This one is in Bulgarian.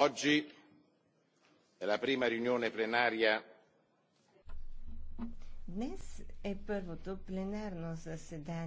oggi la prima riunione plenaria Днес е първото пленарно заседание